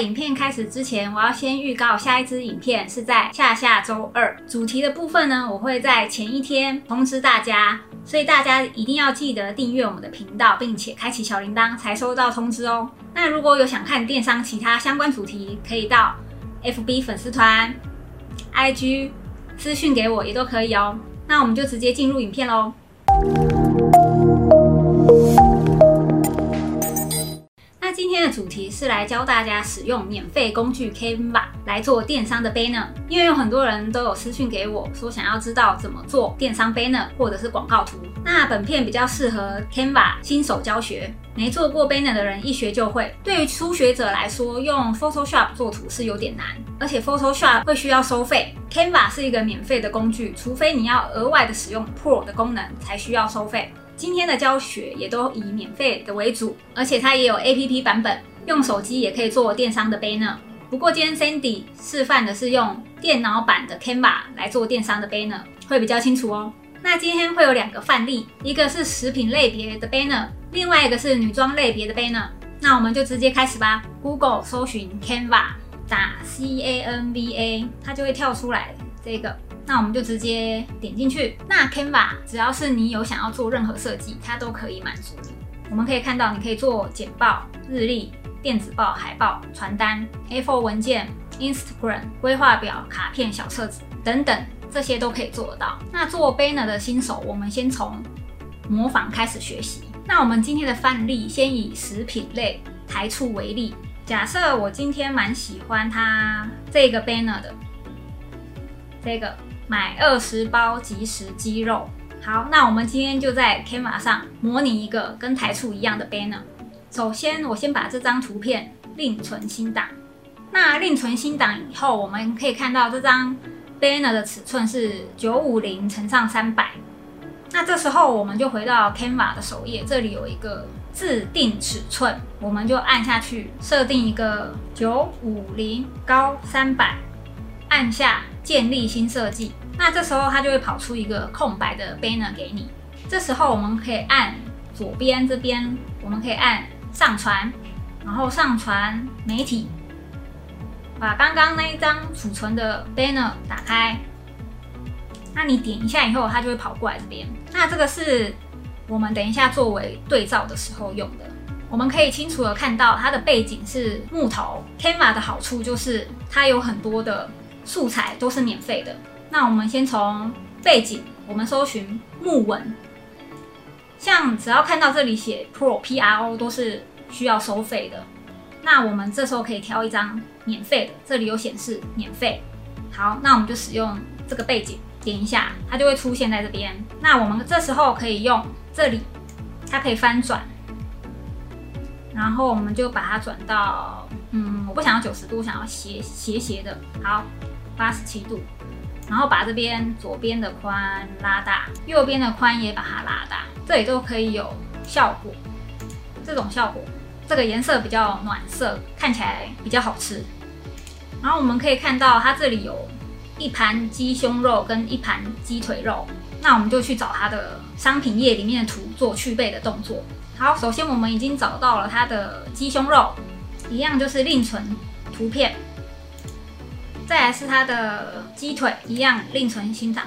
影片開始之前，我要先預告下一支影片是在下下周二。主題的部分呢，我會在前一天通知大家，所以大家一定要記得訂閱我們的頻道，並且開啟小鈴鐺才收到通知哦。那如果有想看電商其他相關主題，可以到 FB 粉絲團、IG 私訊給我也，也都可以哦。那我們就直接進入影片嘍。 主題是來教大家使用免費工具 Canva 來做電商的 Banner，因為有很多人都有私訊給我說想要知道怎麼做電商 Banner 或者是廣告圖。那本片比較適合 Canva 新手教學，沒做過 Banner 的人一學就會。對於初學者來說，用 Photoshop 做圖是有點難，而且 Photoshop 會需要收費。Canva 是一個免費的工具，除非你要額外的使用 Pro 的功能才需要收費。今天的教學也都以免費的為主，而且它也有 APP 版本，用手機也可以做電商的 banner。不過今天 Sandy 示範的是用電腦版的 Canva 來做電商的 banner，會比較清楚哦。那今天會有兩個範例，一個是食品類別的 banner，另外一個是女裝類別的 banner。那我們就直接開始吧。Google 搜尋 Canva，打 C-A-N-V-A，它就會跳出來這個。那我們就直接點進去。那 Canva 只要是你有想要做任何設計，它都可以滿足你。我們可以看到，你可以做簡報、日曆、電子報、海報、傳單、A4 文件、Instagram 規劃表、卡片、小冊子等等，這些都可以做得到。那做 Banner 的新手，我們先從模仿開始學習。那我們今天的範例，先以食品類台畜為例。假設我今天蠻喜歡它這個 Banner 的，這個。買二十包即食雞肉！好，那我們今天就在 Canva 上模擬一個跟台畜一樣的 Banner。首先，我先把這張圖片另存新檔。那另存新檔以後，我們可以看到這張 Banner 的尺寸是九五零乘上三百。那這時候我們就回到 Canva 的首頁，這裡有一個自定尺寸，我們就按下去設定一個九五零高三百，按下建立新設計。那這時候它就會跑出一個空白的 banner 給你。這時候我們可以按左邊這邊，我們可以按上傳，然後上傳媒體，把剛剛那一張儲存的 banner 打開。那你點一下以後，它就會跑過來這邊。那這個是我們等一下作為對照的時候用的。我們可以清楚的看到它的背景是木頭。Canva 的好處就是它有很多的素材都是免費的。那我們先從背景，我們搜尋木紋，像只要看到這裡寫 Pro P R O 都是需要收費的。那我們這時候可以挑一張免費的，這裡有顯示免費。好，那我們就使用這個背景，點一下它就會出現在這邊。那我們這時候可以用這裡，它可以翻轉，然後我們就把它轉到，嗯，我不想要九十度，我想要斜斜斜的，好，八十七度。然後把這邊左邊的寬拉大，右邊的寬也把它拉大，這裡都可以有效果，這種效果，這個顏色比較暖色，看起來比較好吃。然後我們可以看到它這裡有一盤雞胸肉跟一盤雞腿肉，那我們就去找它的商品頁裡面的圖做去背的動作。好，首先我們已經找到了它的雞胸肉，一樣就是另存圖片。再來是它的雞腿一樣另存新檔。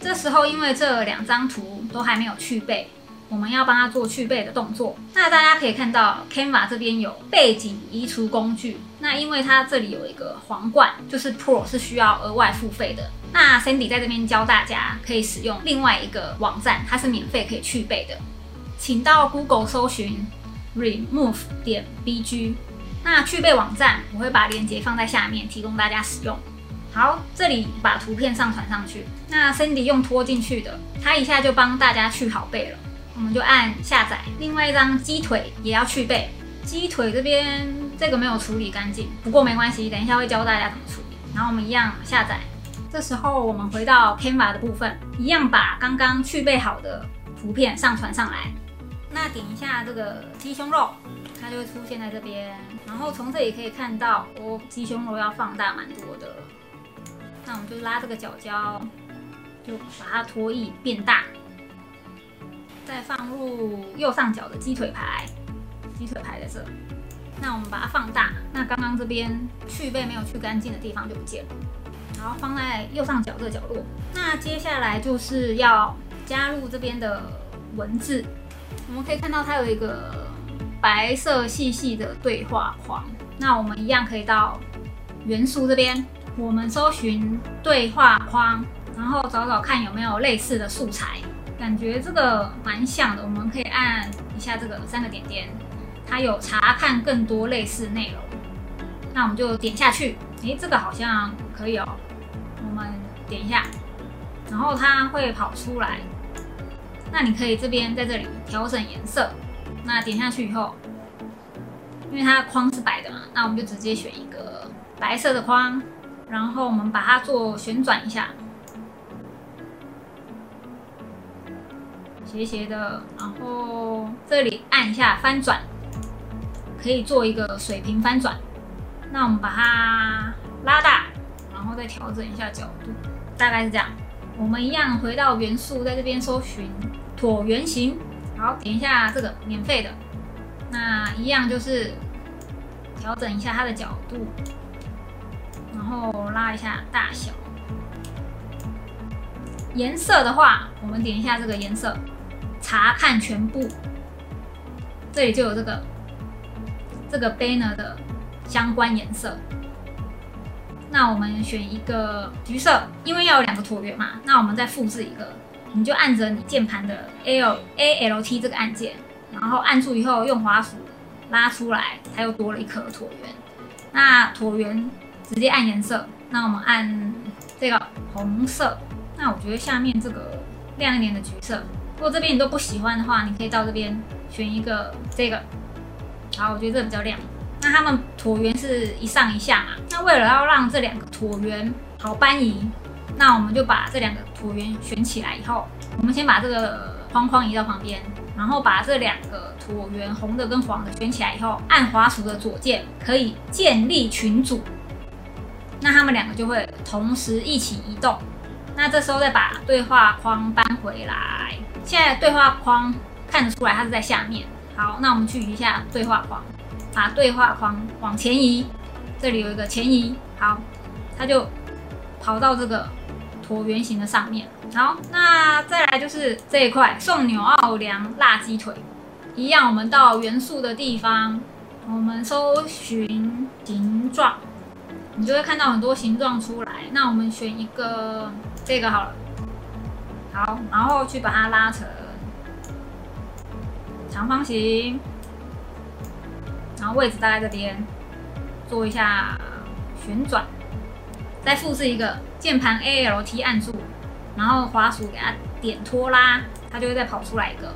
這時候因為這兩張圖都還沒有去背，我們要幫它做去背的動作。那大家可以看到，Canva 這邊有背景移除工具。那因為它這裡有一個皇冠，就是 Pro 是需要額外付費的。那 Sandy 在這邊教大家可以使用另外一個網站，它是免費可以去背的。請到 Google 搜尋 Remove 點 BG。那去背網站，我會把鏈接放在下面，提供大家使用。好，這裡把圖片上傳上去。那 Cindy 用拖進去的，它一下就幫大家去好背了。我們就按下載。另外一張雞腿也要去背，雞腿這邊這個沒有處理乾淨，不過沒關係，等一下會教大家怎麼處理。然後我們一樣下載。這時候我們回到 Canva 的部分，一樣把剛剛去背好的圖片上傳上來。那點一下這個雞胸肉，它就會出現在這邊。然後從這裡可以看到，哦，雞胸肉要放大蠻多的。那我們就拉這個角角，就把它拖曳變大，再放入右上角的雞腿排。雞腿排在這，那我們把它放大。那剛剛這邊去背沒有去乾淨的地方就不見了。然後放在右上角這個角落。那接下來就是要加入這邊的文字。我們可以看到它有一個。白色細細的對話框，那我們一樣可以到元素，這邊，我們搜尋對話框，然後找找看有沒有類似的素材。感覺這個蠻像的，我們可以按一下這個三個點點，它有查看更多類似內容。那我們就點下去，誒，這個好像可以哦，我們點一下，然後它會跑出來。那你可以這邊在這裡調整顏色。那點下去以後，因為它的框是白的嘛，那我們就直接選一個白色的框，然後我們把它做旋轉一下，斜斜的，然後這裡按一下翻轉，可以做一個水平翻轉。那我們把它拉大，然後再調整一下角度，大概是這樣。我們一樣回到元素，在這邊搜尋橢圓形。好，點一下這個免費的，那一樣就是調整一下它的角度，然後拉一下大小。顏色的話，我們點一下這個顏色，查看全部，這裡就有這個這個 banner 的相關顏色。那我們選一個橘色，因為要有兩個橢圓嘛，那我們再複製一個。你就按着你鍵盤的 Alt 這個按鍵，然後按住以後用滑鼠拉出來，它又多了一顆橢圓。那橢圓直接按顏色，那我們按這個紅色。那我覺得下面這個亮一點的橘色。如果這邊你都不喜歡的話，你可以到這邊選一個這個。好，我覺得這個比較亮。那它們橢圓是一上一下嘛。那為了要讓這兩個橢圓好搬移。那我們就把這兩個橢圓選起來以後，我們先把這個框框移到旁邊，然後把這兩個橢圓紅的跟黃的選起來以後，按滑鼠的左鍵可以建立群組，那他們兩個就會同時一起移動。那這時候再把對話框搬回來，現在對話框看得出來它是在下面。好，那我們去移一下對話框，把對話框往前移，這裡有一個前移，好，它就跑到這個。橢圓形的上面，好，那再來就是這一塊，送紐奧良辣雞腿，一樣，我們到元素的地方，我們搜尋形狀，你就會看到很多形狀出來。那我們選一個這個好了，好，然後去把它拉成長方形，然後位置在這邊，做一下旋轉，再複製一個。鍵盤 ALT 按住，然後滑鼠，給它點拖拉，它就會再跑出來一個。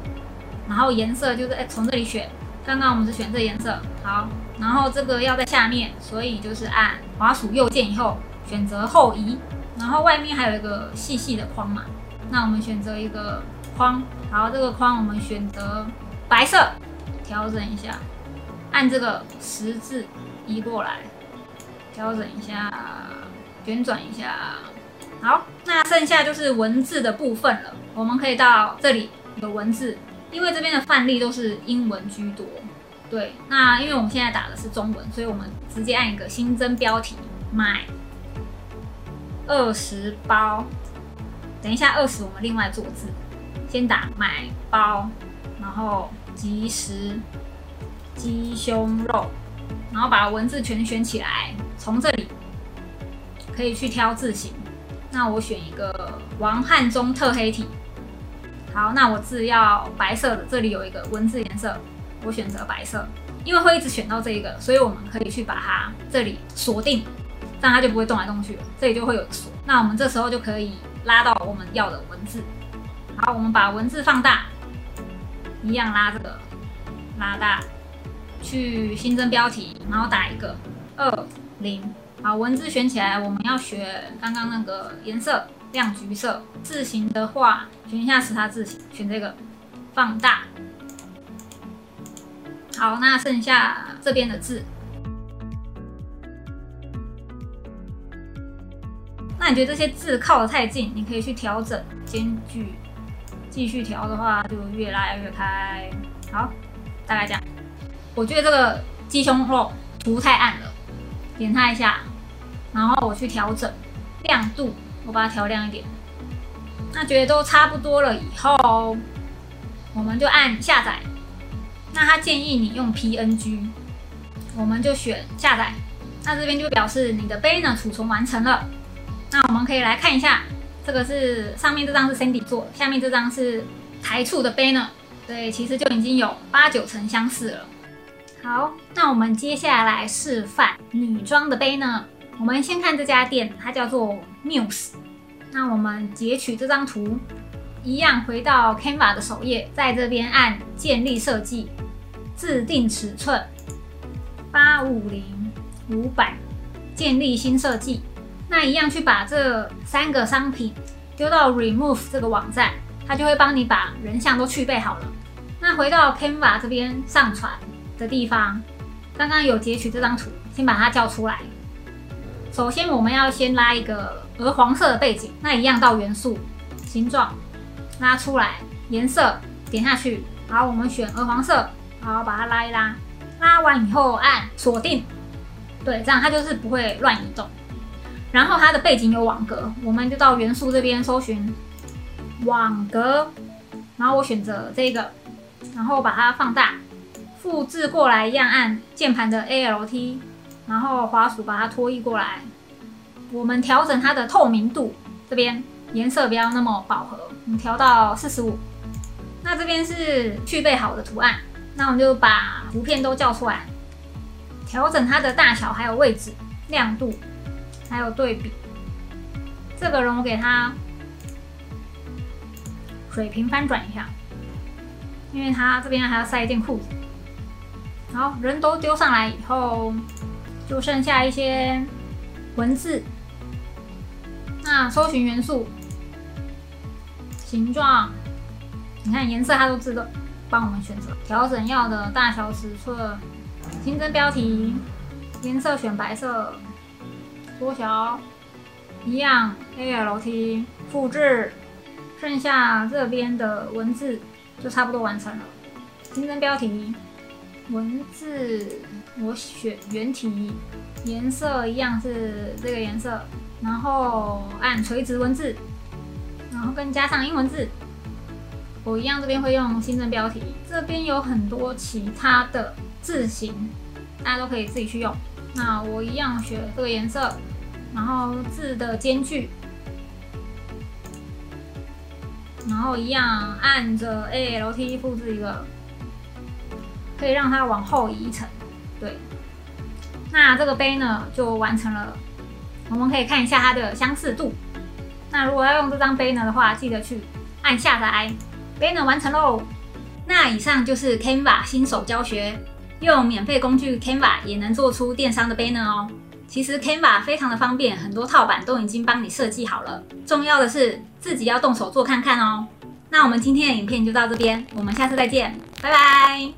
然後顏色就是誒從這裡選，剛剛我們是選這顏色，好。然後這個要在下面，所以就是按滑鼠右鍵以後選擇後移，然後外面還有一個細細的框嘛，那我們選擇一個框，好，這個框我們選擇白色，調整一下，按這個十字移過來，調整一下。旋轉,轉一下，好，那剩下就是文字的部分了。我們可以到這裡有文字，因為這邊的範例都是英文居多。對，那因為我們現在打的是中文，所以我們直接按一個新增標題，買二十包。等一下二十，我們另外做字，先打買包，然後即食雞胸肉，然後把文字全選起來，從這裡。可以去挑字型，那我選一個王漢中特黑體。好，那我字要白色的，這裡有一個文字顏色，我選擇白色，因為會一直選到這個，所以我們可以去把它這裡鎖定，讓它就不會動來動去了，這裡就會有鎖。那我們這時候就可以拉到我們要的文字，好，我們把文字放大，一樣拉這個拉大，去新增標題，然後打一個二零。2, 0, 好，文字選起來，我們要選剛剛那個顏色，亮橘色。字形的話，選一下其他字形，選這個，放大。好，那剩下這邊的字，那你覺得這些字靠得太近，你可以去調整間距。繼續調的話，就越拉越開。好，大概這樣。我覺得這個雞胸肉圖太暗了，點它一下。然後我去調整亮度，我把它調亮一點。那覺得都差不多了以後，我們就按下載。那他建議你用 PNG，我們就選下載。那這邊就表示你的 banner 儲存完成了。那我們可以來看一下，這個是上面這張是 Sandy 做，下面這張是台畜的 banner。對，其實就已經有八九成相似了。好，那我們接下來示範女裝的 banner。我們先看這家店，它叫做 Miu's。那我們截取這張圖，一樣回到 Canva 的首頁，在這邊按建立設計，自定尺寸八五零五百，建立新設計。那一樣去把這三個商品丟到 Remove 這個網站，它就會幫你把人像都去背好了。那回到 Canva 這邊上傳的地方，剛剛有截取這張圖，先把它叫出來。首先，我們要先拉一個鵝黃色的背景，那一樣到元素形狀拉出來，顏色點下去，然後我們選鵝黃色，然後把它拉一拉，拉完以後按鎖定。對，這樣它就是不會亂移動。然後它的背景有網格，我們就到元素這邊搜尋網格，然後我選擇這個，然後把它放大，複製過來一樣按鍵盤的 ALT。然後滑鼠把它拖移過來，我們調整它的透明度，這邊顏色不要那麼飽和，我們調到四十五。那這邊是去背好的圖案，那我們就把圖片都叫出來，調整它的大小還有位置、亮度，還有對比。這個人我給他水平翻轉一下，因為他這邊還要塞一件褲子。好，人都丟上來以後。就剩下一些文字，那搜尋元素、形狀，你看顏色它都自動幫我們選擇。調整要的大小、尺寸。新增標題，顏色選白色，縮小一樣。ALT 複製，剩下這邊的文字就差不多完成了。新增標題，文字。我選圓體，顏色一樣是這個顏色，然後按垂直文字，然後跟加上英文字，我一樣這邊會用新增標題，這邊有很多其他的字型，大家都可以自己去用。那我一樣選這個顏色，然後字的間距，然後一樣按着 Alt 複製一個，可以讓它往後移一層。對，那這個 Banner 就完成了。我們可以看一下它的相似度。那如果要用這張 Banner 的話，記得去按下載。Banner 完成嘍。那以上就是 Canva 新手教學，用免費工具 Canva 也能做出電商的 Banner 哦。其實 Canva 非常的方便，很多套版都已經幫你設計好了。重要的是自己要動手做看看哦。那我們今天的影片就到這邊，我們下次再見，拜拜。